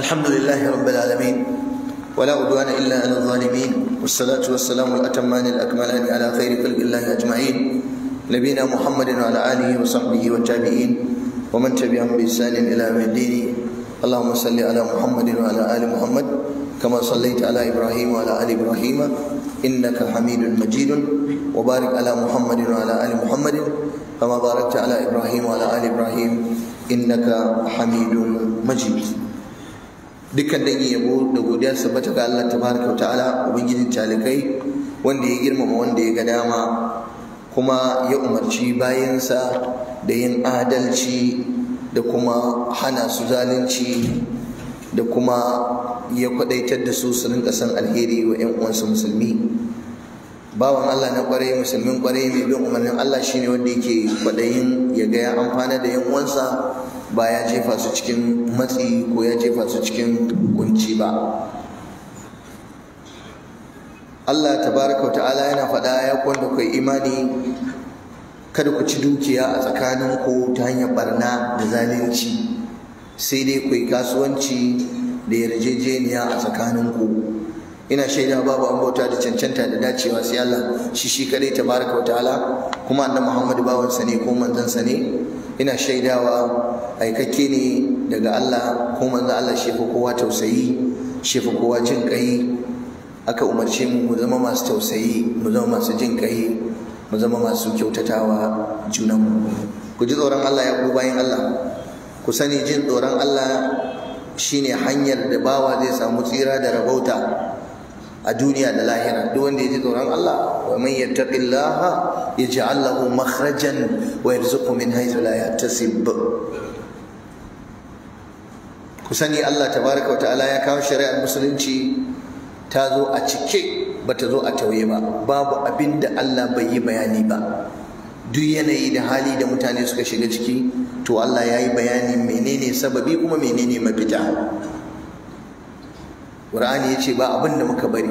الحمد لله رب العالمين ولا عدوان إلا على الظالمين والصلاة والسلام الأتمان الأكملان على خير خلق الله أجمعين نبينا محمد وعلى آله وصحبه والتابعين ومن تبعهم بإحسان إلى يوم الدين اللهم صل على محمد وعلى آل محمد كما صليت على إبراهيم وعلى آل إبراهيم إنك حميد مجيد وبارك على محمد وعلى آل محمد كما باركت على إبراهيم وعلى آل إبراهيم إنك حميد مجيد dukkan dangin yabo da godiya bata ga Allah tabaraka wa ta'ala ubangijin talikai wanda ya girmama wanda ya ga dama kuma ya umarci bayansa da yin adalci da kuma hana su zalunci da kuma ya kwadaitar da su su rinka san alheri wa 'yan uwansu musulmi bawan Allah na kwarai musulmin kwarai mai bin umarnin Allah shine wanda yake kwadayin ya ga ya amfana da 'yan uwansa ba ya jefa su cikin matsi ko ya jefa su cikin kunci ba Allah tabaraka wa ta'ala yana faɗa ya kwanda kai imani kada ku ci dukiya a tsakanin ku ta hanyar barna da zalunci sai dai ku yi kasuwanci da yarjejeniya a tsakanin ku ina shaida babu an bauta da cancanta da dacewa sai Allah shi shi kadai tabaraka wa ta'ala kuma annabi Muhammad bawansa ne ko manzansa ne ina shaidawa aikakke ne daga Allah ko manzo Allah shi fa kowa tausayi shi fa kowa jin kai aka umarce mu mu zama masu tausayi mu zama masu jin kai mu zama masu kyautatawa mu ku ji tsoron Allah ya ku bayan Allah ku sani jin tsoron Allah shine hanyar da bawa zai samu tsira da rabauta a duniya da lahira duk wanda ya ji tsoron Allah wa man yattaqillaha yaj'al lahu makhrajan wa yarzuqhu min haythu la yahtasib ku sani Allah tabaraka wa ta'ala ya kawo shari'ar musulunci ta zo a cike bata zo a tauye ba babu abin da Allah bai yi bayani ba duk yanayi da hali da mutane suka shiga ciki to Allah ya yi bayani menene sababi kuma menene mafita Qur'ani yace ba abin da muka bari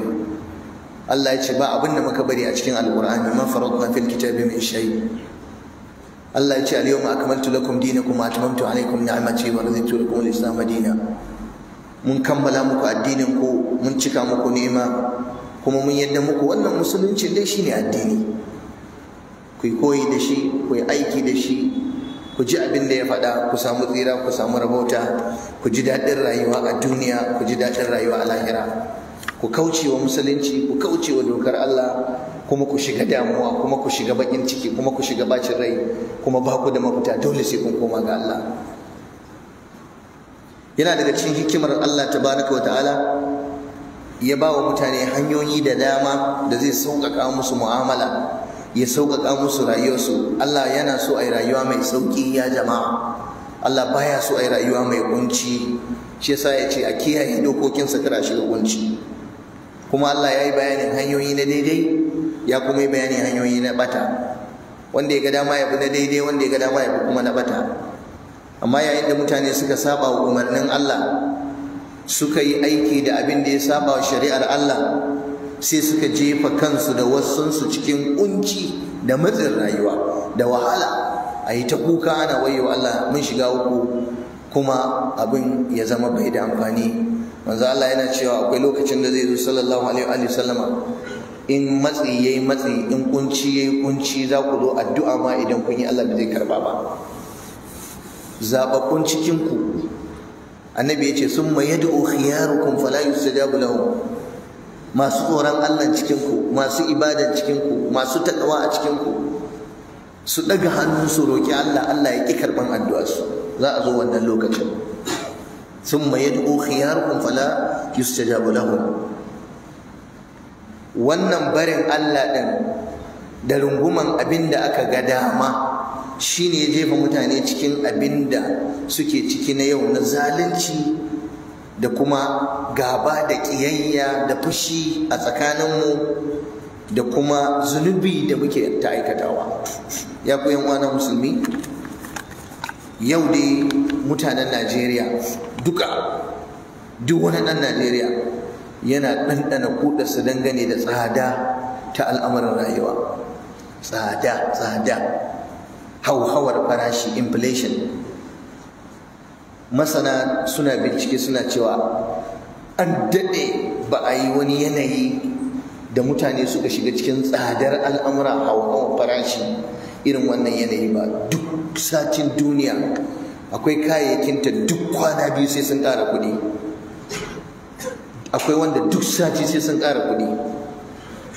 Allah yace ba abin da muka bari a cikin Al-Qur'ani ma faradna fil kitabi min shay Allah yace al-yawma akmaltu lakum dinakum wa atmamtu alaykum ni'mati wa raditu lakum al-islam madina. mun kammala muku addinin ku mun cika muku ni'ima kuma mun yadda muku wannan musulunci dai shine addini ku koyi da shi ku aiki da shi ku ji abin da ya faɗa ku samu tsira ku samu rabauta ku ji daɗin rayuwa a duniya ku ji daɗin rayuwa a lahira ku kauce wa musulunci ku kauce wa dokar Allah kuma ku shiga damuwa kuma ku shiga bakin ciki kuma ku shiga bacin rai kuma ba ku da mafita dole sai kun koma ga Allah yana daga cikin hikimar Allah tabaraka wa ta'ala ya ba wa mutane hanyoyi da dama da zai sauƙaƙa musu mu'amala ya sauƙaƙa musu rayuwarsu Allah yana so a yi rayuwa mai sauƙi ya jama'a Allah baya so a yi rayuwa mai ƙunci. shi yasa ya ce a kiyaye dokokinsa kada shi shiga ƙunci. kuma Allah ya yi bayanin hanyoyi na daidai ya kuma yi bayanin hanyoyi na bata wanda ya ga dama ya bi na daidai wanda ya ga dama ya bi kuma na bata amma yayin da mutane suka saba wa umarnin Allah suka yi aiki da abin da ya saba wa shari'ar Allah sai suka jefa kansu da wasansu cikin kunci da matsin rayuwa da wahala a yi ta kuka ana wayewa Allah mun shiga uku kuma abin ya zama bai da amfani manzo Allah yana cewa akwai lokacin da zai zo sallallahu alaihi wa sallama in matsi yayi matsi in kunci yayi kunci za ku zo addu'a ma idan kun yi Allah da zai karba ba zababbun cikin ku annabi yace summa yad'u khiyarukum fala da lahum masu tsoron Allah cikinku masu ibada cikinku masu taɗawa a cikinku su ɗaga hannu su roƙi Allah Allah ya ƙi karɓan su za a zo wannan lokacin sun maye du'o khiyarkun fala yustajabu lahun wannan barin Allah ɗin da runguman abin da aka ga dama shine ya jefa mutane cikin abin da suke ciki na yau na zalunci da kuma gaba da ƙiyayya da fushi a tsakaninmu da kuma zunubi da muke ta aikatawa ya ku yan wana musulmi yau dai mutanen najeriya duka duk wani ɗan najeriya yana ɗanɗana su dangane da tsada ta al'amuran rayuwa tsada tsada hauhawar farashi inflation masana suna bincike suna cewa an daɗe ba a yi wani yanayi da mutane suka shiga cikin tsadar al'amura hawa farashi irin wannan yanayi ba duk satin duniya akwai kayayyakinta duk kwana biyu sai sun ƙara kuɗi akwai wanda duk sati sai sun ƙara kuɗi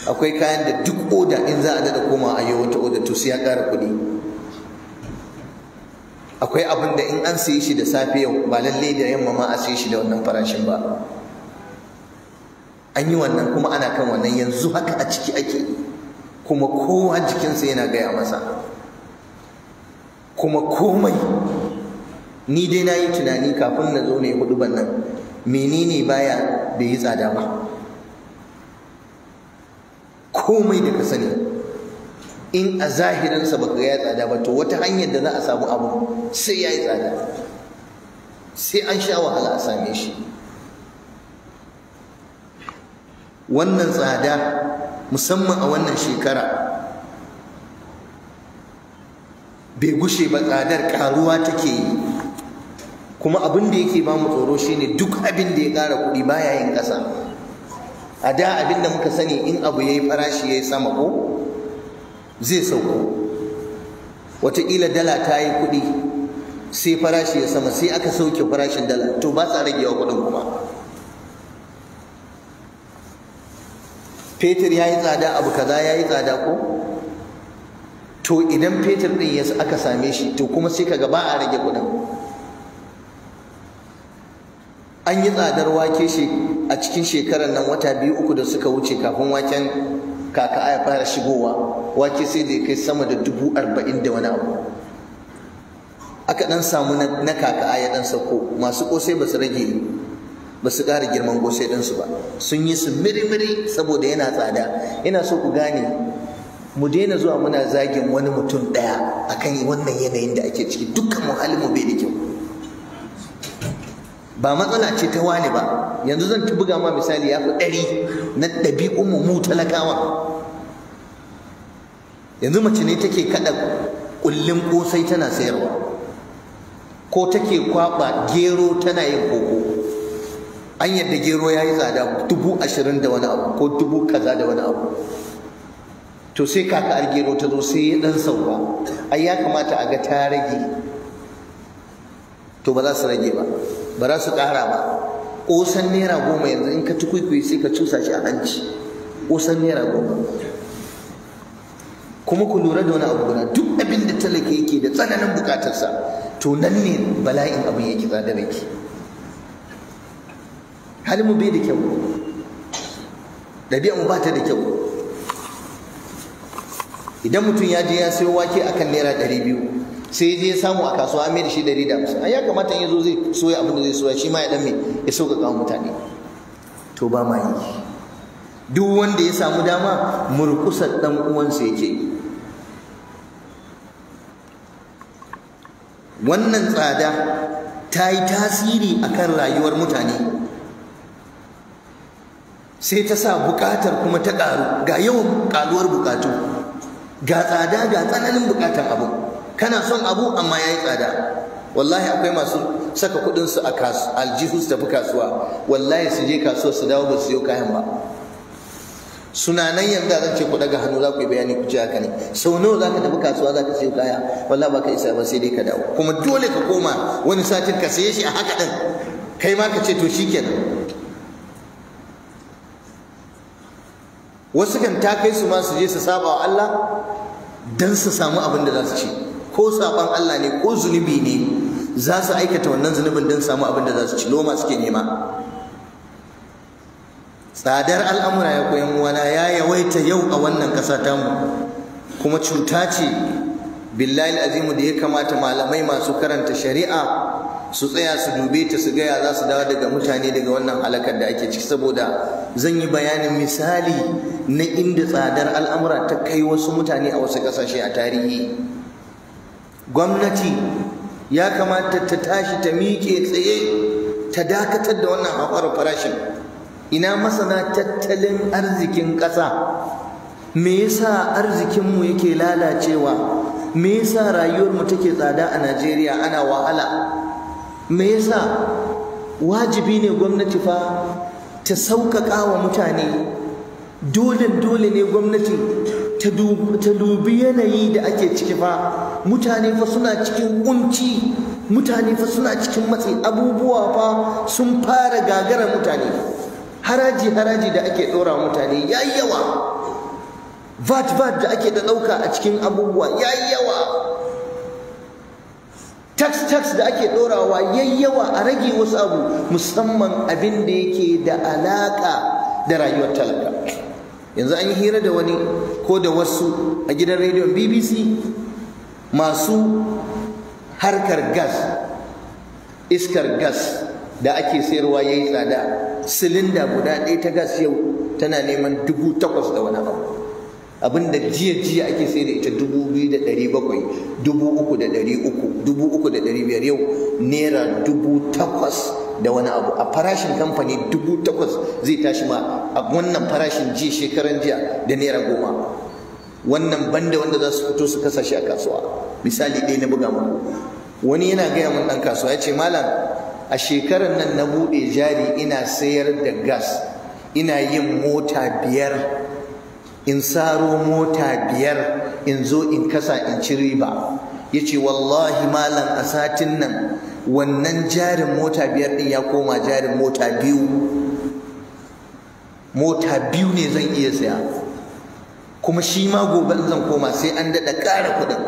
akwai kayan da duk oda in za a daɗa koma a yi wata oda to sai ya ƙara kuɗi akwai abin da in an sayi shi da safe yau ba lalle da yamma ma a sayi shi da wannan farashin ba an yi wannan kuma ana kan wannan yanzu haka a ciki ake kuma kowa jikinsa yana gaya masa kuma komai ni dai na yi tunani kafin na zo na yi hudu nan menene baya bai yi tsada ba komai da ka sani in a zahirinsa baka ya tsada ba to wata hanyar da za a samu abu sai ya yi tsada sai an sha wahala a same shi wannan tsada musamman a wannan shekara bai gushe ba tsadar karuwa take yi kuma abin da yake ba mu tsoro shine duk abin da ya kara kuɗi baya yin ƙasa a da abin da muka sani in abu ya yi farashi ya yi sama ko zai sauka wataƙila dala ta yi kuɗi sai farashi ya sama sai aka sauke farashin dala to ba sa rage wa kuɗin kuma fetur ya yi tsada abu kaza ya yi tsada ko to idan fetur ɗin ya aka same shi to kuma sai ka ba a rage kuɗin an yi tsadar wake shi a cikin shekarar nan wata biyu uku da suka wuce kafin waken kaka ya fara shigowa wake sai da ya kai sama da dubu arba'in da wani abu aka dan samu na kaka ya dan sauko masu kosai ba su rage ba su ƙara girman kosai ɗinsu ba sun yi su mirimiri saboda yana tsada ina so ku gane mu daina zuwa muna zagin wani mutum ɗaya akan wannan yanayin da ake ciki dukkan mu mu bai da kyau ba matsala ce ta wani ba yanzu zan ta buga ma misali ya fi ɗari na ɗabi'un mu talakawa yanzu mace ne take kada kullun kosai tana sayarwa ko take kwaba gero tana yin koko an yadda gero ya yi tsada dubu ashirin da wani abu ko dubu kaza da wani abu to sai kaka'ar gero ta zo sai ya dan sauka ai ya kamata a ga ta rage to ba za su rage ba ba za su ƙara ba ƙosan naira goma yanzu in ka ci kwaikwai sai ka cusa shi a hanci ƙosan naira goma kuma ku lura da wani abu guda duk abin da talaka yake da tsananin bukatarsa to nan ne bala'in abin yake zada rai halin mu bai da kyau ɗabi'a mu ba ta da kyau idan mutum ya je ya sayo wake akan naira ɗari biyu sai je ya samu a kasuwa mai da shi ɗari da hamsin ya kamata in ya zo zai soya abin da zai soya shi ma ya ɗan mai ya sauƙaƙa mutane to ba ma yi duk wanda ya samu dama murkusar ɗan uwansa yake wannan tsada ta yi tasiri akan rayuwar mutane sai ta sa bukatar kuma ta ƙaru ga yau ƙaruwar bukatu ga tsada ga tsananin bukatar abu kana son abu amma ya yi tsada wallahi akwai masu saka kudinsu a aljihus tafi kasuwa wallahi su je kasuwa su dawo ba su siyo kayan ba sunanan nan yanzu zan ce ku daga hannu za ku yi bayani ku ce haka ne sau nawa za ka tafi kasuwa za ka sayo kaya wallah ba ka isa ba sai dai ka dawo kuma dole ka koma wani satin ka saye shi a haka ɗin kai ma ka ce to shi kenan wasu kan ta kai su ma su je su saba wa Allah dan su samu abin da za su ci ko saban Allah ne ko zunubi ne za su aikata wannan zunubin dan samu abin da za su ci loma suke nema tsadar al'amura ya koyan wana ya yawaita yau a wannan ƙasa tamu kuma cuta ce billahi azimu da ya kamata malamai masu karanta shari'a su tsaya su dube ta su gaya za su dawo daga mutane daga wannan halakar da ake ciki saboda zan yi bayanin misali na inda tsadar al'amura ta kai wasu mutane a wasu ƙasashe a tarihi gwamnati ya kamata ta tashi ta miƙe tsaye ta dakatar da wannan haƙar farashin ina masana tattalin arzikin ƙasa me yasa arzikinmu yake lalacewa me yasa rayuwarmu take tsada a Najeriya ana wahala me yasa wajibi ne gwamnati fa ta sauƙaƙa wa mutane dole dole ne gwamnati ta dubi yanayi da ake ciki fa mutane fa suna cikin kunci mutane fa suna cikin matsi abubuwa fa sun fara gagara mutane haraji haraji da ake ɗora mutane ya yawa vat vat da ake ɗauka a cikin abubuwa ya yawa tax tax da ake ɗorawa ya yawa a rage wasu abu musamman abin da yake da alaƙa da rayuwar talaka yanzu an yi hira da wani ko da wasu a gidan rediyon bbc masu harkar gas iskar gas da ake sayarwa ya yi tsada silinda guda ɗaya ta gas yau tana neman dubu takwas da wani abu abinda jiya jiya ake sai da ita dubu biyu da ɗari bakwai dubu uku da ɗari uku dubu uku da ɗari biyar yau naira dubu takwas da wani abu a farashin kamfani dubu takwas zai tashi ma a wannan farashin jiya shekaran jiya da naira goma wannan banda wanda za su fito su kasashe a kasuwa misali ɗaya na buga muku wani yana gaya mun ɗan kasuwa ya ce malam a shekarar nan na buɗe jari ina sayar da gas ina yin mota biyar in saro mota biyar in zo in kasa in ci riba ya ce wallahi malam a satin nan wannan jarin mota biyar ɗin ya koma jarin mota biyu mota biyu ne zan iya saya kuma shi ma gobe zan koma sai an daɗa ƙara kuɗin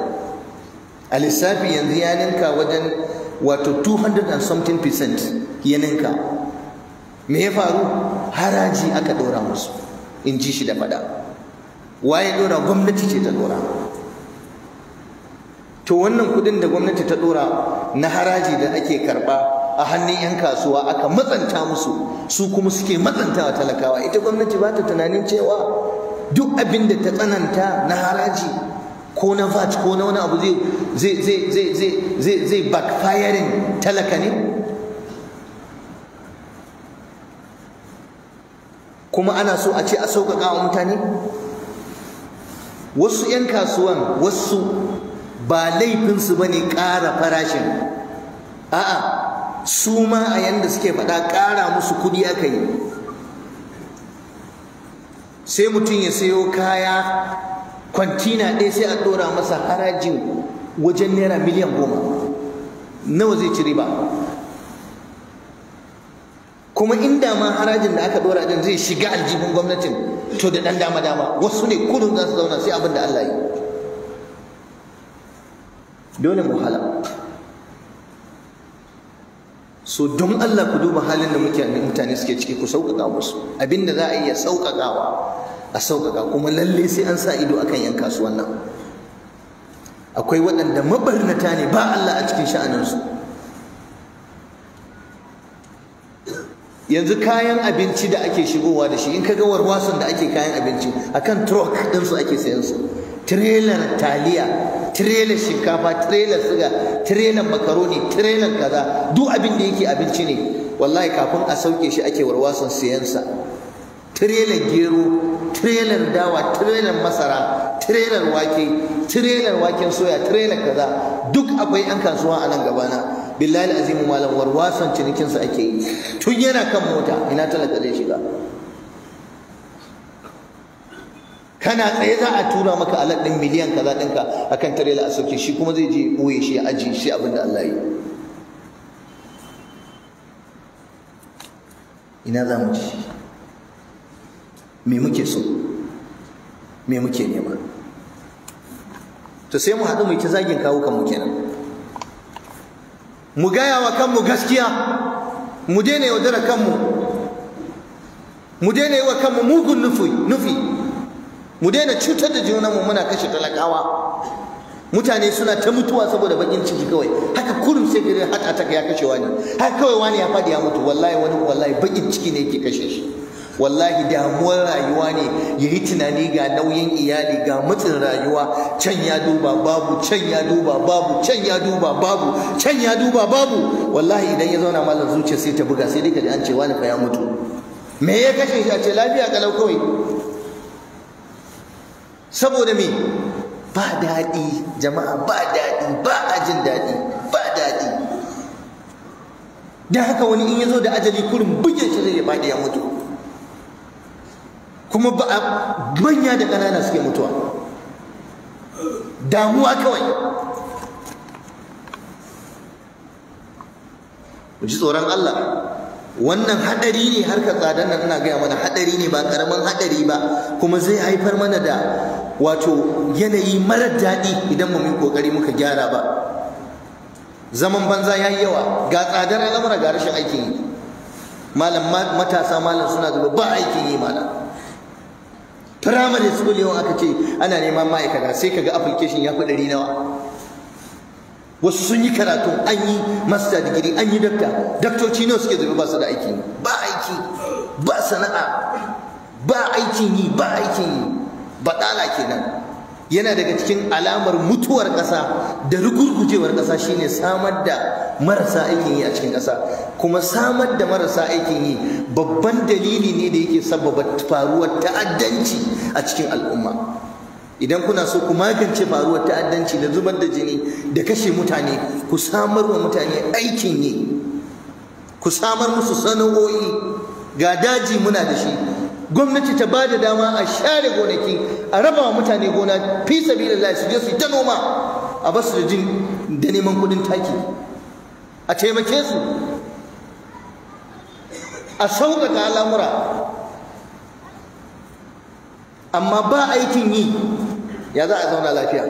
a lissafi yanzu ya ninka wajen wato 200 and something percent ya ninka me ya faru haraji aka ɗora musu in ji shi da faɗa waye ɗora gwamnati ce ta ɗora to wannan kuɗin da gwamnati ta ɗora na haraji da ake karɓa a hannun 'yan kasuwa aka matsanta musu su kuma suke matsantawa talakawa ita gwamnati ba ta tunanin cewa duk abin da ta tsananta na haraji ko na VAT ko na wani abu zai backfiring talaka ne kuma ana so a ce a sauƙaƙa wa mutane wasu 'yan kasuwan wasu ba laifinsu ba ne ƙara farashin a'a su ma a yadda suke faɗa ƙara musu kuɗi aka yi sai mutum ya sayo kaya kwantina ɗaya sai a ɗora masa harajin wajen naira miliyan goma nawa zai ci riba kuma inda ma harajin da aka ɗora ɗin zai shiga aljihun gwamnatin to da ɗan dama dama wasu ne kudin za su zauna sai abin da Allah yi dole mu hala so don Allah ku duba halin da mutane suke ciki ku sauƙaƙa musu abinda za a iya sauƙaƙawa a sauƙaƙa kuma lalle sai an sa ido akan yan kasuwan nan akwai waɗanda mabarnata ne ba Allah a cikin sha'aninsu yanzu kayan abinci da ake shigowa da shi in ka ga warwason da ake kayan abinci akan truck ɗinsu ake sayan su trailer taliya trailer shinkafa trailer suga, trailer makaroni trailer kaza duk abin da yake abinci ne wallahi kafin a sauke shi ake warwason sayansa trailer gero tirelar dawa tirelar masara tirelar wake tirelar waken soya tirelar kaza duk akwai yan kasuwa a nan gabana billahi azimu malam warwasan cinikin sa ake tun yana kan mota ina talaka zai shiga kana tsaye za a tura maka alad din miliyan kaza dinka akan tirela a sauke shi kuma zai je boye shi aji shi abinda Allah yi ina za mu ci me muke so me muke nema to sai mu haɗu mu yi ta zagin kawo kanmu kenan mu gaya wa kanmu gaskiya mu daina yaudara kanmu mu daina yi wa kanmu mugun nufi mu daina cutar da junanmu muna kashe talakawa mutane suna ta mutuwa saboda bakin ciki kawai haka kurum sai kare hata ta ya kashe wani haka kawai wani ya faɗi ya mutu wallahi wani wallahi bakin ciki ne yake kashe shi wallahi damuwar rayuwa ne ya yi tunani ga nauyin iyali ga matsin rayuwa can ya duba babu can ya duba babu can ya duba babu can ya duba babu wallahi idan ya zauna malam zuciya sai ta buga sai dika ji an ce wani ya mutu me ya kashe shi a ce lafiya kalau kawai saboda me ba daɗi jama'a ba daɗi ba a jin daɗi ba daɗi Don haka wani in ya zo da ajali kurin bugin shi zai ya ya mutu kuma ba manya da ƙanana suke mutuwa damuwa kawai mu ji tsoron Allah wannan haɗari ne harka tsadar nan ina gaya mana haɗari ne ba karamin haɗari ba kuma zai haifar mana da wato yanayi marar daɗi idan mu yi kokari muka gyara ba zaman banza ya yi yawa ga tsadar al'amura ga rashin aikin yi malam matasa malam suna zuba ba aikin yi malam primary school yau aka ce ana neman ma'aikata sai kaga application ya fi ɗari nawa wasu sun yi karatu an yi master degree an yi dakta daktoci nawa suke zube ba su da aiki ba aiki ba sana'a ba aikin yi ba aikin yi baɗala kenan yana daga cikin alamar mutuwar ƙasa da rugurgujewar ƙasa shine samar da marasa aikin yi a cikin ƙasa kuma samar da marasa aikin yi babban dalili ne da yake sababa faruwar ta'addanci a cikin al'umma idan kuna so ku magance faruwar ta'addanci da zubar da jini da kashe mutane ku samar wa mutane aikin yi ku samar musu sana'o'i ga daji muna da shi gwamnati ta ba da dama a share gonaki a raba wa mutane gona fi da su je su ta noma a basu da jin da neman kudin taki a taimake su a sauƙaƙa al'amura amma ba aikin yi ya za a zauna lafiya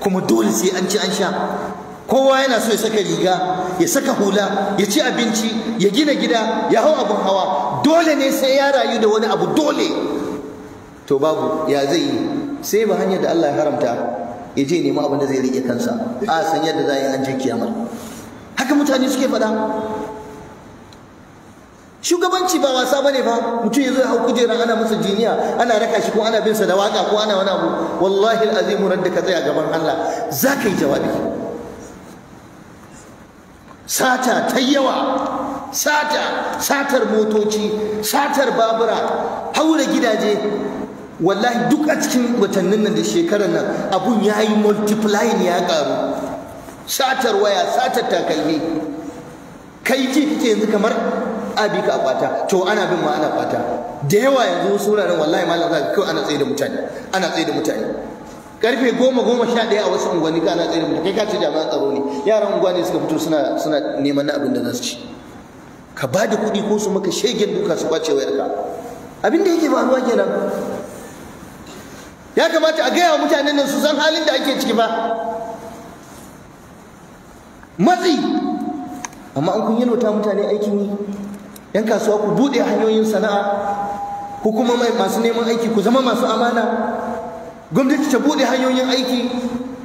kuma dole sai an ci an sha kowa yana so ya saka riga ya saka hula ya ci abinci ya gina gida ya hau abin hawa dole ne sai ya rayu da wani abu dole to babu ya zai yi sai ba hanyar da Allah ya haramta ya je nemi abin da zai rike kansa a san yadda za a yi an je kiyama haka mutane suke faɗa shugabanci ba wasa bane ba. mutum yazo ya hau kujeran ana masa jiniya ana raka shi ko ana bin sa da waka ko ana wani abu wallahi alazim ran ka tsaya gaban Allah zaka yi jawabi sata ta yawa sata satar motoci satar babura haura gidaje wallahi duk a cikin watannin nan da shekarar nan abun ya yi multiplying ya karu satar waya satar takalmi kai ji kike yanzu kamar abi ka kwata to ana bin ma ana kwata da yawa yanzu wasu wuraren wallahi malam za ka kawai ana da mutane ana tsaye da mutane karfe goma goma sha ɗaya a wasu unguwanni kana tsere mutum kai ka ce jami'an tsaro ne yaran unguwa ne suka fito suna suna neman na abin da za su ci ka ba da kuɗi ko su maka shegen duka su kwace ka abin da yake faruwa kenan ya kamata a gaya wa mutanen nan su san halin da ake ciki ba matsi amma an kun yalwata mutane aikin yi yan kasuwa ku buɗe hanyoyin sana'a Ko kuma masu neman aiki ku zama masu amana gwamnati ta buɗe hanyoyin aiki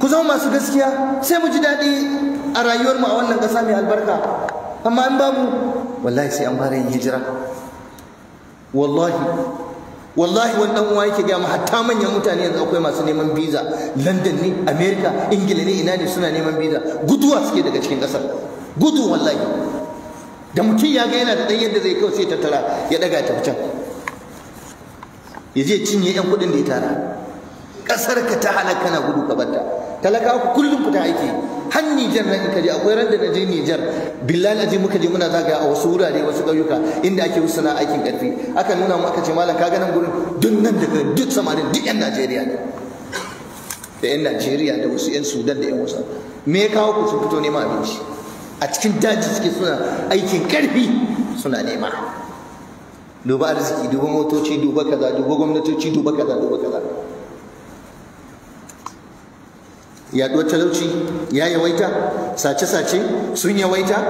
ku zama masu gaskiya sai mu ji daɗi a rayuwarmu a wannan ƙasa mai albarka amma in babu wallahi sai an fara yin hijira wallahi wallahi wani uwa yake gaya hatta manyan mutane yanzu akwai masu neman biza london ne america ingila ne ina ne suna neman biza guduwa suke daga cikin kasar gudu wallahi da mutum ya ga yana da ɗan yadda zai kawai sai tattara ya ɗaga ta can ya je cinye yan kuɗin da ya tara kasar ka ta halaka na gudu ka batta talaka ku kullum ku ta aiki har Nijar nan in ka je akwai ran da na je Nijar billahi aje muka je muna zagaya a wasu wurare wasu ƙauyuka inda ake wasu na aikin ƙarfi aka nuna mu aka ce malam ka ga nan gurin duk nan daga duk samarin duk 'yan Najeriya ne da 'yan Najeriya da wasu 'yan Sudan da 'yan wasu me ya kawo ku sun fito neman abinci a cikin daji suke suna aikin ƙarfi suna nema duba arziki duba motoci duba kaza duba gwamnatoci duba kaza duba kaza yaduwar talauci ya yawaita sace-sace sun yawaita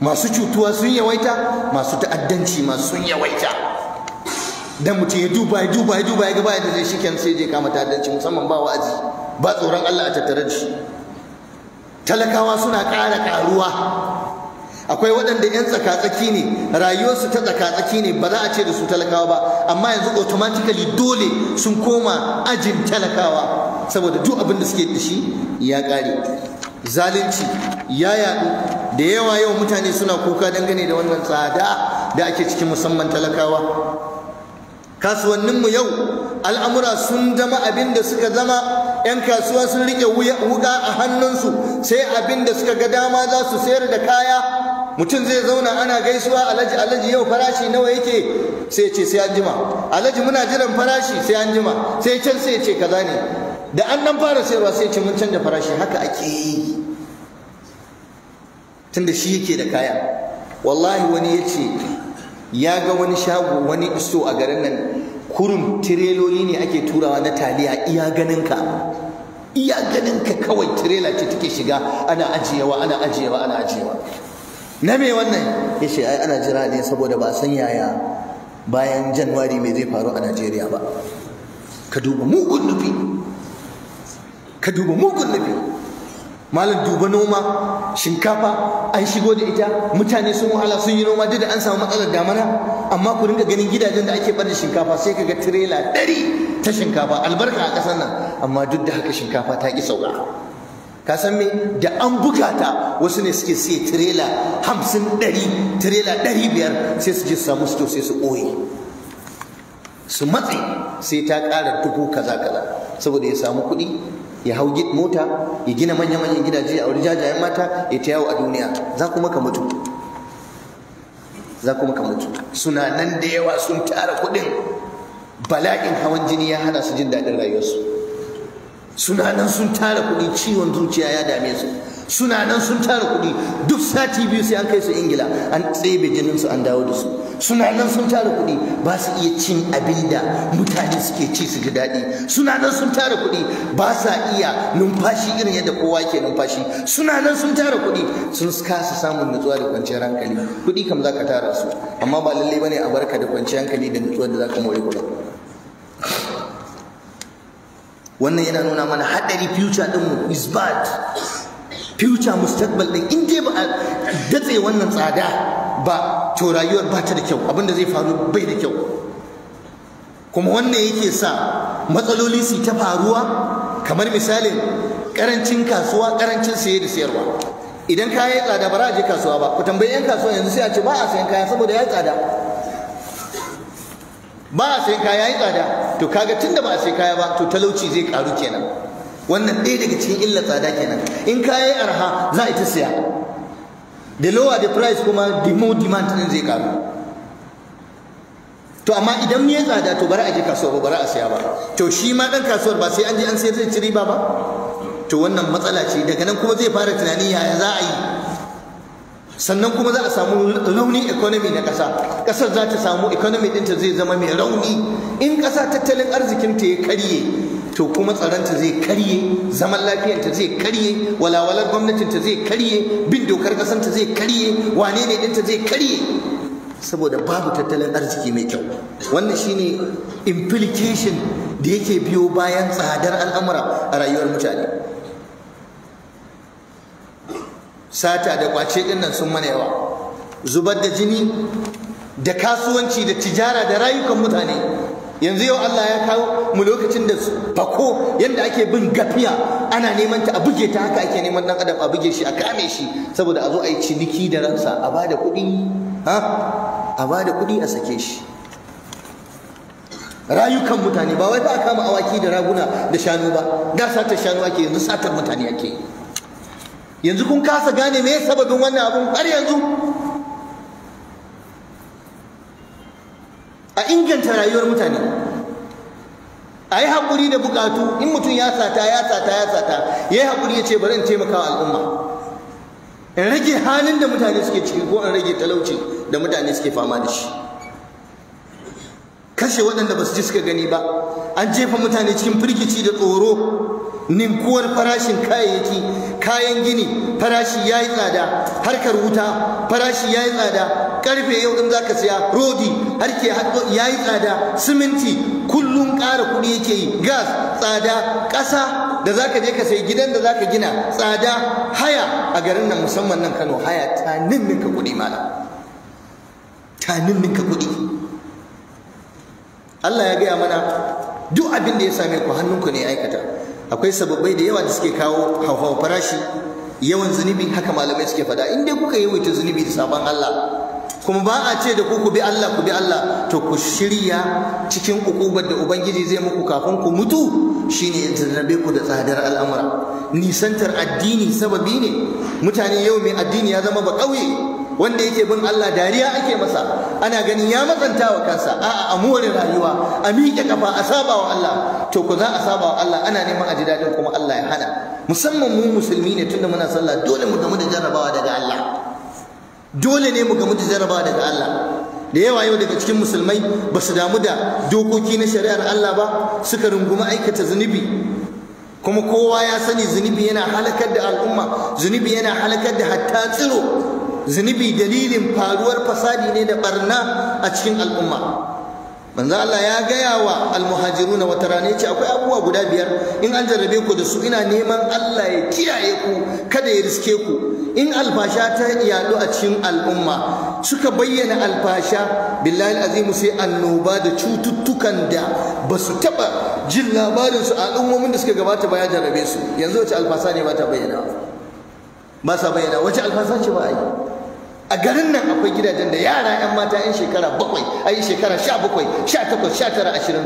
masu cutuwa sun yawaita masu ta'addanci masu sun yawaita dan mutum ya duba ya duba ya duba ya gaba da zai shiken sai je kama ta'addanci musamman ba wa'azi ba tsoron Allah a tattare da shi talakawa suna ƙara ƙaruwa akwai waɗanda 'yan tsaki ne rayuwarsu ta tsaka-tsaki ne ba za a ce da su talakawa ba amma yanzu automatically dole sun koma ajin talakawa saboda duk abin da suke da shi ya ƙare zalunci ya yaɗu da yawa yau mutane suna kuka dangane da wannan tsada da ake cikin musamman talakawa kasuwanninmu yau al'amura sun zama abin da suka zama 'yan kasuwa sun riƙe wuƙa a hannunsu sai abin da suka ga dama za su sayar da kaya mutum zai zauna ana gaisuwa alaji alaji yau farashi nawa yake sai ce sai an jima alaji muna jiran farashi sai an jima sai can sai ce kaza ne da an dan fara sayarwa sai ce mun canja farashi haka ake yi tunda shi yake da kaya wallahi wani ya ce ya ga wani shago wani iso a garin nan kurum tireloli ne ake turawa na taliya iya ganinka iya ganinka kawai tirela ce take shiga ana ajiyewa ana ajiyewa ana ajiyewa na me wannan ya ce ai ana jira ne saboda ba san yaya bayan januwari me zai faru a najeriya ba ka duba mugun nufi ka duba mugun nufi malam duba noma shinkafa an shigo da ita mutane sun wahala sun yi noma duk da an samu matsalar damana amma ku dinga ganin gidajen da ake bada shinkafa sai ka ga tirela ɗari ta shinkafa albarka a ƙasar nan amma duk da haka shinkafa ta ƙi sauka ka san me da an bukata wasu ne suke sai tirela hamsin ɗari tirela ɗari biyar sai su je su samu su sai su ɓoye su matse sai ta ƙara dubu kaza kaza saboda ya samu kuɗi ya hau mota ya gina manya-manyan gidaje a wuri jajayen mata ya ta yawo a duniya za kuma ka mutu za kuma ka mutu suna nan da yawa sun tara kuɗin bala'in hawan jini ya hana su jin daɗin rayuwarsu suna nan sun tara kuɗi ciwon zuciya ya dame su suna nan sun tara kuɗi duk sati biyu sai an kai su ingila an tsebe jininsu an dawo da su suna nan sun tara kuɗi ba su iya cin abin da mutane suke ci su ji daɗi suna nan sun tara kuɗi ba sa iya numfashi irin yadda kowa ke numfashi suna nan sun tara kuɗi sun kasa samun nutsuwa da kwanciyar hankali kuɗi kam za ka tara su amma ba lallai bane a barka da kwanciyar hankali da nutsuwa da za ka more kuɗi wannan yana nuna mana haɗari future ɗinmu is bad future mustaqbal din in dai ba a datse wannan tsada ba to rayuwar ba ta da kyau abinda zai faru bai da kyau kuma wannan yake sa matsaloli su ta faruwa kamar misalin karancin kasuwa karancin saye da sayarwa idan kaya ya tsada ba za a je kasuwa ba ku tambayi yan kasuwa yanzu sai a ce ba a sayan kaya saboda ya tsada ba a sayan kaya ya yi tsada to kaga tunda ba a sayi kaya ba to talauci zai karu kenan wannan ɗaya daga cikin illar tsada kenan in yi arha za a ta siya the lower the price kuma the more demand din zai karu to amma idan ya tsada to bari a je kasuwa ba bari a siya ba to shi ma dan kasuwar ba sai an je an sayar zai ci riba ba to wannan matsala ce daga nan kuma zai fara tunani yaya za a yi sannan kuma za a samu rauni economy na ƙasa ƙasar za ta samu economy ɗinta zai zama mai rauni in ƙasa tattalin arzikinta ya karye to kuma tsaronta zai karye zaman lafiyanta zai karye walawalar gwamnatinta zai karye bin dokar ƙasarta zai karye wane ne ɗinta zai karye saboda babu tattalin arziki mai kyau wannan shine implication da yake biyo bayan tsadar al'amura a rayuwar mutane sata da kwace dinnan sun mana yawa zubar da jini da kasuwanci da tijara da rayukan mutane yanzu yau Allah ya kawo mu lokacin da fako yadda ake bin gafiya ana neman ta a buge ta haka ake neman dan adam a buge shi a kame shi saboda a zo a yi ciniki da ransa a bada kuɗi ha a bada kuɗi a sake shi rayukan mutane ba wai ba a kama awaki da raguna da shanu ba da satar shanu ake yanzu satar mutane ake yanzu kun kasa gane me sababin wannan abun har yanzu a inganta rayuwar mutane a yi haƙuri da buƙatu in mutum ya sata ya sata ya sata ya yi haƙuri ya ce bari in taimaka al'umma in rage halin da mutane suke ciki ko in rage talauci da mutane suke fama da shi kashe waɗanda ba su ji suka gani ba an jefa mutane cikin firgici da tsoro ninkuwar farashin kayayyaki kayan gini farashi ya yi tsada harkar wuta farashi ya yi tsada karfe yau in zaka siya rodi harke yayi tsada siminti kullum ƙara kuɗi yake yi gas tsada ƙasa da zaka je ka sai gidan da zaka gina tsada haya a garin nan musamman nan Kano haya ta ka kuɗi malam ta ka kuɗi Allah ya gaya mana duk abin da ya same ku hannunku ne aikata akwai sababbai da yawa da suke kawo hauhawar farashi yawan zunubi haka malamai suke fada in dai kuka yawaita zunubi da sabon Allah kuma ba a ce da ku ku bi Allah ku bi Allah to ku shirya cikin ukubar da ubangiji zai muku kafin ku mutu shine ya zarrabe ku da tsadar al'amura nisantar addini sababi ne mutane yau mai addini ya zama ba ƙauye wanda yake bin Allah dariya ake masa ana ganin ya matsanta wa kansa a a more rayuwa a miƙe kafa a saba wa Allah to ku za a saba wa Allah ana neman a ji dadin kuma Allah ya hana musamman mu musulmi ne tunda muna sallah dole mu damu da jarrabawa daga Allah dole ne mu ga mutu jaraba daga Allah da yawa yau daga cikin musulmai ba su damu da dokoki na shari'ar Allah ba suka rungumi aikata zunubi kuma kowa ya sani zunubi yana halakar da al'umma zunubi yana halakar da hatta tsiro zunubi dalilin faruwar fasadi ne da barna a cikin al'umma manzo Allah ya gaya wa almuhajiruna wata rana ce akwai abubuwa guda biyar in an jarrabe ku da su ina neman Allah ya kiyaye ku kada ya riske ku in alfasha ta yadu a cikin al'umma suka bayyana alfasha billahi alazimu sai annoba da cututtukan da ba su taba jin labarin su al'ummomin da suka gabata ba ya jarrabe su yanzu wace alfasa ne ba ta bayyana ba sa bayyana wace alfasa ce ba a yi a garin nan akwai gidajen da yara 'yan mata 'yan shekara bakwai a yi shekara sha bakwai sha takwas sha tara ashirin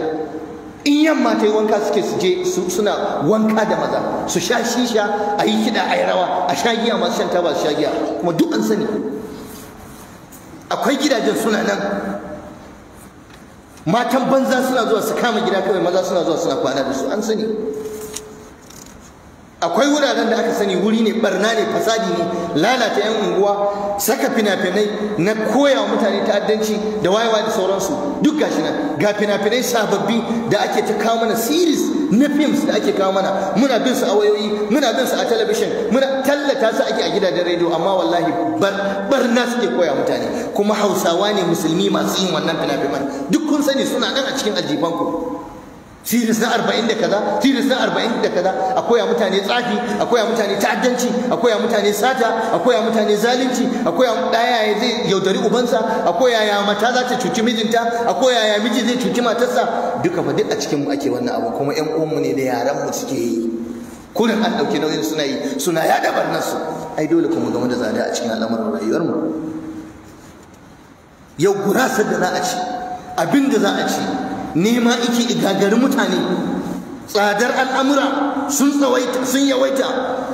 in yamma ta yi wanka suke su je suna wanka da maza su sha shisha a yi kiɗa a yi rawa a sha giya masu shan taba su sha giya kuma duk an sani akwai gidajen suna nan matan banza suna zuwa su kama gida kawai maza suna zuwa suna kwana da su an sani akwai wuraren da aka sani wuri ne barna ne fasadi ne lalata yan unguwa saka fina-finai na koya wa mutane ta'addanci da wayewa da sauransu duk gashi nan ga fina-finai sababbi da ake ta kawo mana series na films da ake kawo mana muna bin su a wayoyi muna bin su a talabishin muna tallata su ake a gidajen rediyo amma wallahi barna suke koya mutane kuma hausawa ne musulmi masu yin wannan fina finai duk kun sani suna nan a cikin aljifanku series na arba'in da kaza series na arba'in da kaza a koya mutane tsafi a koya mutane ta'addanci a koya mutane sata a koya mutane zalunci a koya ɗaya ya zai yaudari ubansa a koya ya mata za ta cuci mijinta a koya ya miji zai cuci matarsa duka fa duk a cikin mu ake wannan abu kuma ƴan uwanmu ne da yaran mu suke yi kullum an ɗauki nauyin suna yi suna yaɗa barnar su ai dole kuma game da zada a cikin al'amuran rayuwar mu yau gurasar da za a ci abin da za a ci nema iki igagari mutane tsadar al'amura sun tsawaita sun yawaita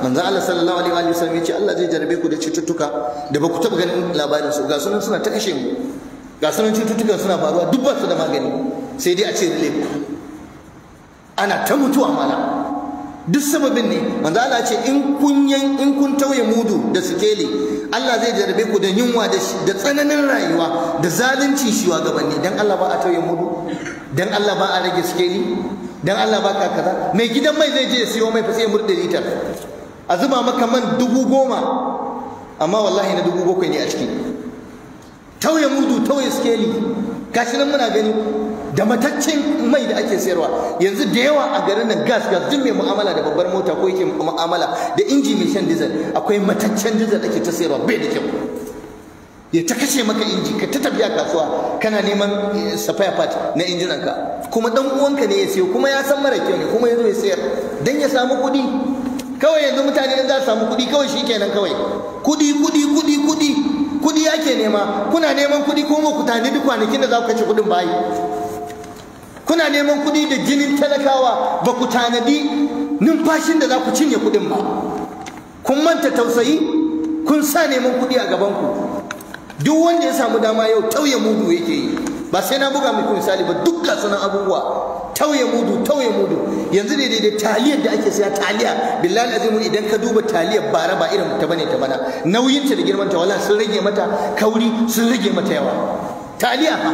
manzo Allah sallallahu alaihi wa sallam yace Allah zai jarabe ku da cututtuka da baku taba ganin labarin su ga sunan suna ta kashe mu ga sunan cututtuka suna faruwa duk ba su da magani sai dai a ce relief ana ta mutuwa mana duk sababin ne manzo Allah ce in kun in kun tauye mudu da sikeli Allah zai jarabe ku da yunwa da tsananin rayuwa da zalunci shiwa gabanni dan Allah ba a tauye mudu dan Allah ba a rage sikeli dan Allah ba ka kaza mai gidan mai zai je ya siyo mai fa sai litar a zuba maka man dubu goma amma wallahi na dubu bakwai ne a ciki tauye mudu tauye sikeli gashi nan muna gani da mataccen mai da ake sayarwa yanzu da yawa a garin nan gas gas duk mai mu'amala da babbar mota ko yake mu'amala da inji mai shan dizal akwai mataccen dizal ake ta sayarwa bai da kyau ya ta kashe maka inji ka ta tafiya kasuwa kana neman eh, spare part na injinanka kuma dan uwanka ne ya siyo kuma ya san mara kyau ne kuma ya ya sayar dan ya samu kuɗi kawai yanzu mutane in za su samu kuɗi kawai shi kenan kawai kuɗi kuɗi kuɗi kuɗi kuɗi yake nema kuna neman kuɗi kuma ku tani duk kwanakin da za ku kashe kuɗin bayi kuna neman kuɗi da jinin talakawa ba ku tanadi numfashin da za ku cinye kuɗin ba kun manta tausayi kun sa neman kuɗi a gabanku duk wanda ya samu dama yau tauye mudu yake yi ba sai na buga muku misali ba duk sunan abubuwa tauye mudu tauye mudu yanzu ne daidai taliyar da ake saya taliya billahi azim idan ka duba taliyar bara ba irin ta bane ta bana Nauyin ta da girman ta wala sun rage mata kauri sun rage mata yawa taliya ha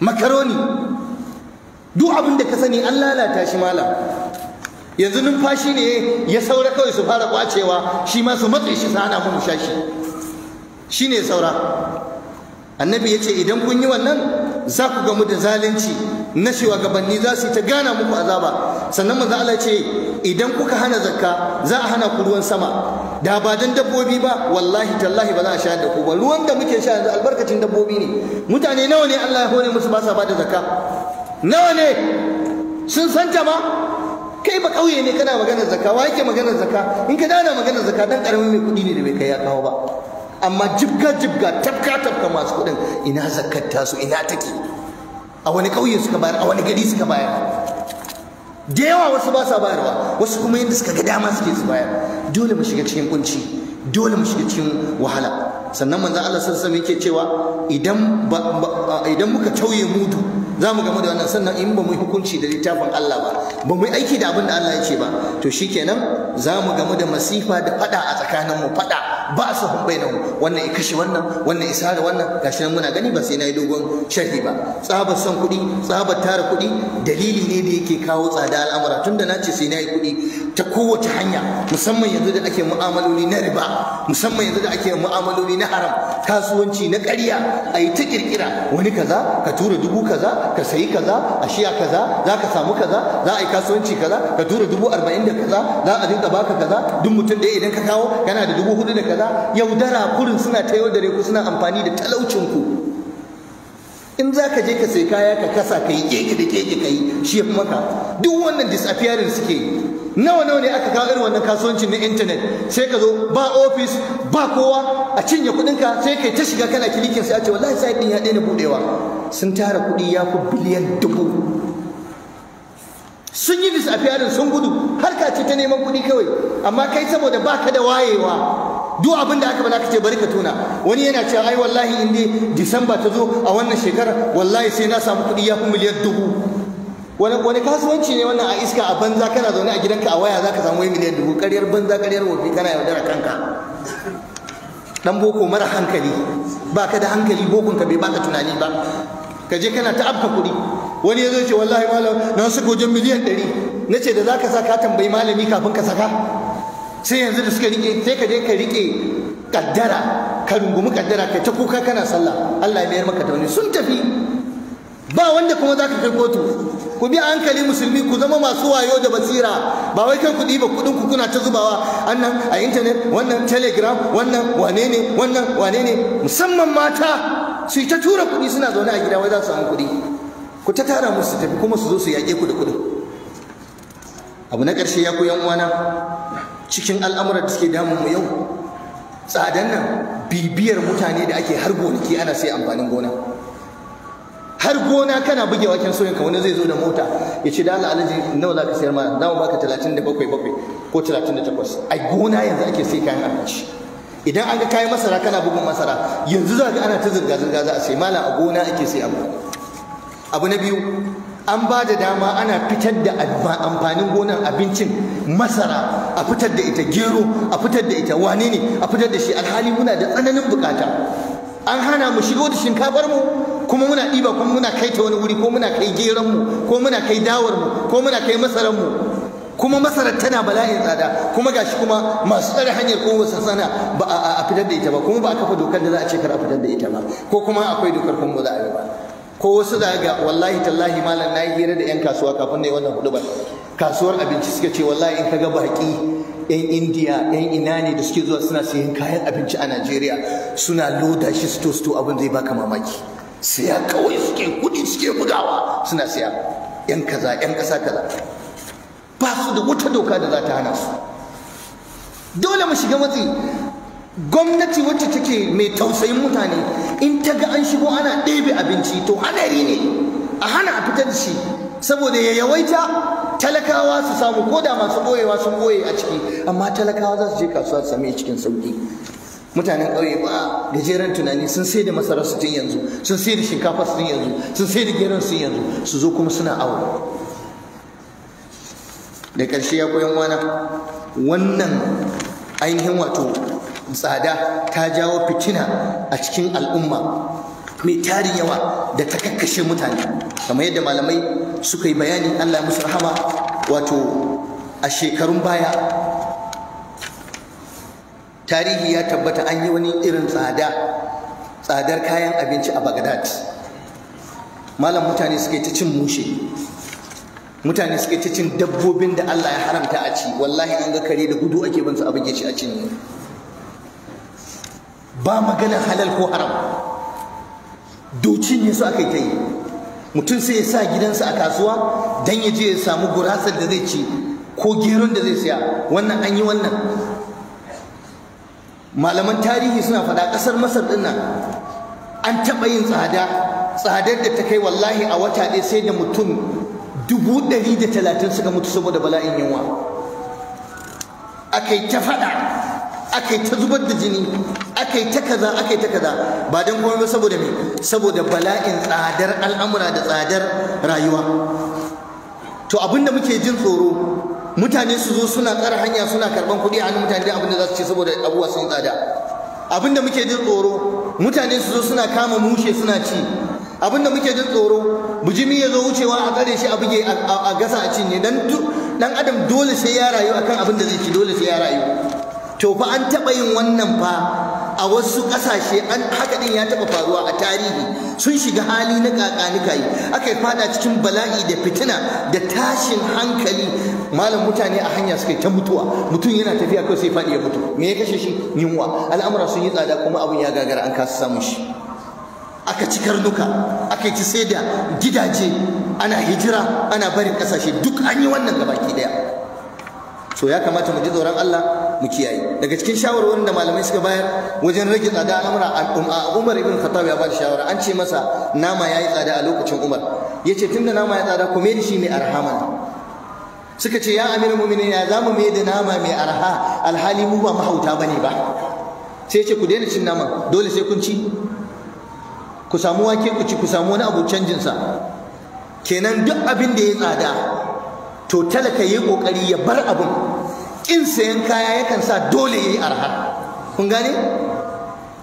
makaroni duk abin da ka sani an lalata shi malam yanzu numfashi ne ya saura kawai su fara kwacewa shi ma su matse shi su hana mu shashi Shi ne saura annabi ya ce idan kun yi wannan za ku gamu da zalunci na gabanni za su yi ta gana muku azaba sannan manzo Allah ce idan kuka hana zakka za a hana ku ruwan sama da ba dan dabbobi ba wallahi tallahi ba za a shayar da ku ba ruwan da muke sha yanzu albarkacin dabbobi ne mutane nawa ne Allah ya hore musu ba sa bada zakka nawa ne sun san ta ba kai ba kauye ne kana maganar zakka wa yake maganar zakka in ka dana maganar zakka dan karamin mai kuɗi ne da bai kai ya kawo ba amma jibga jibga tafka tafka masu kuɗin ina zakatta su, ina take a wani ƙauye suka bayar a wani gari suka bayar da yawa wasu ba sa bayarwa wasu kuma yadda suka ga dama suke su bayar dole mu shiga cikin kunci dole mu shiga cikin wahala sannan manzon Allah sallallahu alaihi wasallam yake cewa idan idan muka tauye mudu za mu gamu da wannan sannan in ba mu yi hukunci da littafin Allah ba ba mu yi aiki da abin da Allah ya ce ba to shikenan za mu gama da masifa da fada a tsakanin mu fada ba su humbainahu wannan ya kashe wannan wannan ya sare wannan gashi nan muna gani ba sai na yi dogon sharhi ba tsabar son kuɗi tsabar tara kuɗi dalili ne da yake kawo tsada al'amura tun da na ce sai na yi kuɗi ta kowace hanya musamman yanzu da ake mu'amaloli na riba musamman yanzu da ake mu'amaloli na haram kasuwanci na ƙarya a yi ta ƙirƙira wani kaza ka tura dubu kaza ka sayi kaza a shiya kaza za ka samu kaza za a yi kasuwanci kaza ka tura dubu arba'in da kaza za a dinka baka kaza duk mutum ɗaya idan ka kawo kana da dubu hudu da kaza yaudara kurin suna ta ku suna amfani da talaucin ku in za ka je ka sayi kaya ka kasa ka yi keke da keke ka yi shi ya fi maka duk wannan disappearance suke yi nawa nawa ne aka kawo irin wannan kasuwanci na intanet sai ka zo ba ofis ba kowa a cinye kudinka sai kai ta shiga kana kilikin sai a ce wallahi sai din ya daina budewa sun tara kuɗi ya fi biliyan dubu sun yi disafiyarin sun gudu harka ce ta neman kuɗi kawai amma kai saboda baka da wayewa duk abin da aka bala ka ce bari ka tuna wani yana cewa ai wallahi in dai disamba ta zo a wannan shekarar wallahi sai na samu kuɗi ya fi miliyan dubu wani kasuwanci ne wannan a iska a banza kana zaune a gidanka a waya za ka samu miliyan dubu Karyar banza ƙaryar wofi kana yaudara kanka dan boko mara hankali ba ka da hankali bokon ka bai baka tunani ba ka je kana ta abka kuɗi wani ya zo ce wallahi malam na saka wajen miliyan ɗari na ce da za ka sa ka tambayi malami kafin ka saka sai yanzu da suka rike sai ka je ka rike kaddara ka rungumi kaddara kai ta kuka kana sallah Allah ya mayar maka da wani sun tafi ba wanda kuma za ka kai kotu ku bi hankali musulmi ku zama masu wayo da basira ba wai kan kuɗi ba kuɗin ku kuna ta zubawa annan a intanet wannan telegram wannan wane ne wannan wane ne musamman mata su ta tura kuɗi suna zaune a gida wai za su samu kuɗi ku ta tara musu tafi kuma su zo su yaƙe ku da kuɗin abu na ƙarshe ya ku uwana cikin al'amuran da suke damun mu yau tsadan nan bibiyar mutane da ake har gonaki ana sai amfanin gona har gona kana bugewa kin so ka wani zai zo da mota ya ce da Allah alaji nawa zaka sayar mana nawa baka 37 bakwai ko 38 a gona yanzu ake sai kayan abinci idan an ga kayan masara kana bugun masara yanzu za ga ana ta zirga zirga za a sai mala a gona ake sai abu abu na biyu an ba da dama ana fitar da amfanin gonar abincin masara a fitar da ita gero a fitar da ita wane ne a fitar da shi alhali muna da tsananin bukata an hana mu shigo da shinkafar mu kuma muna ɗiba kuma muna kai ta wani wuri ko muna kai geranmu ko muna kai dawarmu ko muna kai masaranmu kuma masarar tana bala'in tsada kuma gashi kuma masu tsare hanyar ko wasu sana ba a fitar da ita ba kuma ba a kafa dokar da za a ce kar a fitar da ita ba ko kuma akwai dokar kuma za a yi ba ko wasu za ga wallahi tallahi malam na yi hira da yan kasuwa kafin na yi wannan hudu ba kasuwar abinci suka ce wallahi in ka ga baki yan indiya yan ina ne da suke zuwa suna siyan kayan abinci a najeriya suna loda shi sto sto abin zai baka mamaki siya kawai suke kuɗi suke bugawa suna siya yan kaza yan ƙasa kaza ba su da wata doka da za ta hana su dole mu shiga matsi gwamnati wacce take mai tausayin mutane in ta ga an shigo ana ɗebe abinci to hanari ne a hana a fitar da shi saboda ya yawaita talakawa su samu ko masu boyewa sun boye a ciki amma talakawa za su je kasuwa su same cikin sauki mutanen ƙauye ba gajeren tunani sun sai da masarar su tun yanzu sun sai da shinkafa su tun yanzu sun sai da geron su yanzu su zo kuma suna awo da ƙarshe ya koyan wana wannan ainihin wato tsada ta jawo fitina a cikin al'umma mai tarin yawa da ta kakkashe mutane kamar yadda malamai suka yi bayani Allah musu rahama wato a shekarun baya tarihi ya tabbata an yi wani irin tsada tsadar kayan abinci a bagdad malam mutane suke ta cin mushe mutane suke ta cin dabbobin da allah ya haramta a ci wallahi an ga kare da gudu ake bansu a buge shi a cinye ba maganar halal ko haram docin ne su aka yi ta yi mutum sai ya sa gidansa a kasuwa don ya je ya samu gurasar da zai ci ko geron da zai siya wannan an yi wannan malaman tarihi suna faɗa ƙasar masar ɗin nan an taɓa yin tsada tsadar da ta kai wallahi a wata ɗaya sai da mutum dubu ɗari da talatin suka mutu saboda bala'in yunwa aka yi ta faɗa aka yi ta zubar da jini aka yi ta kaza aka yi ta kaza ba don kuma ba saboda me saboda bala'in tsadar al'amura da tsadar rayuwa to abinda muke jin tsoro mutane su zo suna tsara hanya suna karban kuɗi a hannun mutane da abin da za su ce saboda abubuwa sun tsada abin da muke jin tsoro mutane su zo suna kama mushe suna ci abin da muke jin tsoro bijimi ya zo wucewa a tsare shi a buge a gasa a cinye dan dan adam dole sai ya rayu akan abin da zai ci dole sai ya rayu to fa an taɓa yin wannan fa a wasu ƙasashe an haka din ya taɓa faruwa a tarihi sun shiga hali na ƙaƙanika yi aka fada cikin bala'i da fitina da tashin hankali malam mutane a hanya suka ta mutuwa mutum yana tafiya kawai sai faɗi ya mutu me ya kashe shi yunwa al'amura sun yi tsada kuma abin ya gagara an kasa samun shi aka ci karnuka aka ci sai da gidaje ana hijira ana barin ƙasashe duk an yi wannan gabaki ɗaya to ya kamata mu ji tsoron Allah mu kiyaye daga cikin shawarwarin da malamai suka bayar wajen rage tsada al'amura Umar ibn Khattab ya bada shawara an ce masa nama yayi tsada a lokacin Umar yace tunda nama ya tsada ku mai shi mai arhama suka ce ya amir mu'minin ya zamu mai da nama mai arha alhali mu ba mahauta bane ba sai ce ku daina cin nama dole sai kun ci ku samu wake ku ci ku samu wani abu canjin sa kenan duk abin da ya tsada to talaka yayi kokari ya bar abin kin sayan kaya yakan sa dole yayi arha kun gane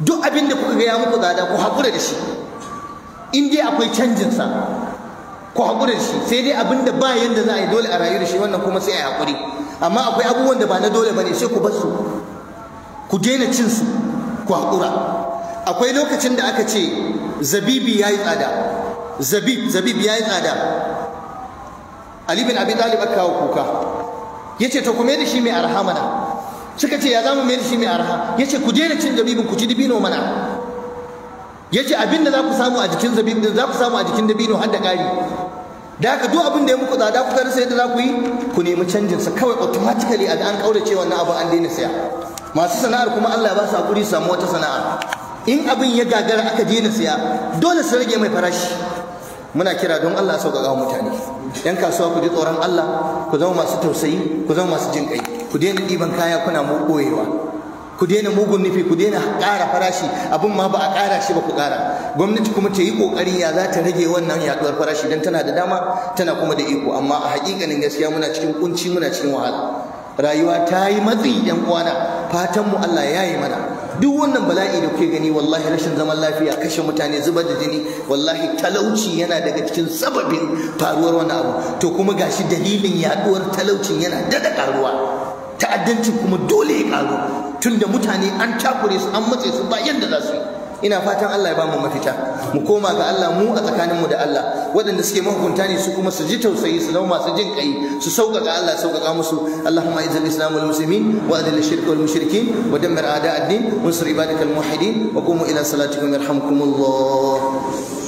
duk abin da kuka ga ya muku tsada ku haƙura da shi in dai akwai canjin sa ku haƙura da shi sai dai abin da ba yanda za a yi dole a rayu da shi wannan kuma sai a yi haƙuri amma akwai abubuwan da ba na dole bane sai ku bar su ku daina cin su ku haƙura akwai lokacin da aka ce zabibi ya yi tsada zabib zabib ya yi tsada ali bin abi talib aka kawo kuka ce to ku mai da shi mai arha mana suka ce ya mu mai da shi mai arha ce ku da cin zabibin ku ci dabino mana ce abin da za ku samu a jikin zabibin da za ku samu a jikin dabino har da ƙari da haka duk abin da ya muku tsada kuka rasa yadda za ku yi ku nemi canjin sa kawai automatically an kaurace wannan abu an daina saya masu sana'ar kuma Allah ya ba su hakuri su samu wata sana'a in abin ya gagara aka daina saya dole su rage mai farashi muna kira don Allah sauƙaƙa mutane yan kasuwa ku ji tsoron Allah ku zama masu tausayi ku zama masu jin kai ku daina ɗiban kaya kuna mu ku daina mugun nufi ku daina ƙara farashi abin ma ba a ƙara shi ba ku ƙara gwamnati kuma ta yi ƙoƙari ya za ta rage wannan yaɗuwar farashi don tana da dama tana kuma da iko amma a haƙiƙanin gaskiya muna cikin kunci muna cikin wahala rayuwa ta yi matsi yan uwana fatanmu Allah ya yi mana duk wannan bala'i da kuke gani wallahi rashin zaman lafiya kashe mutane zubar da jini wallahi talauci yana daga cikin sababin faruwar wani abu to kuma gashi dalilin yaduwar talaucin yana dada karuwa ta'addanci kuma dole ya karu tunda mutane an takure su an matse su ba yanda za su yi ina fatan Allah ya ba mu mafita mu koma ga Allah mu a tsakanin mu da Allah waɗanda suke mahukunta ne su kuma su ji tausayi su zama masu jin kai su sauƙaƙa Allah sauƙaƙa musu Allahumma izil islam wal muslimin wa adil shirka wal mushrikin wa dammir a'da ad-din wansur ibadakal muwahhidin wa qumu ila salatikum yarhamkumullah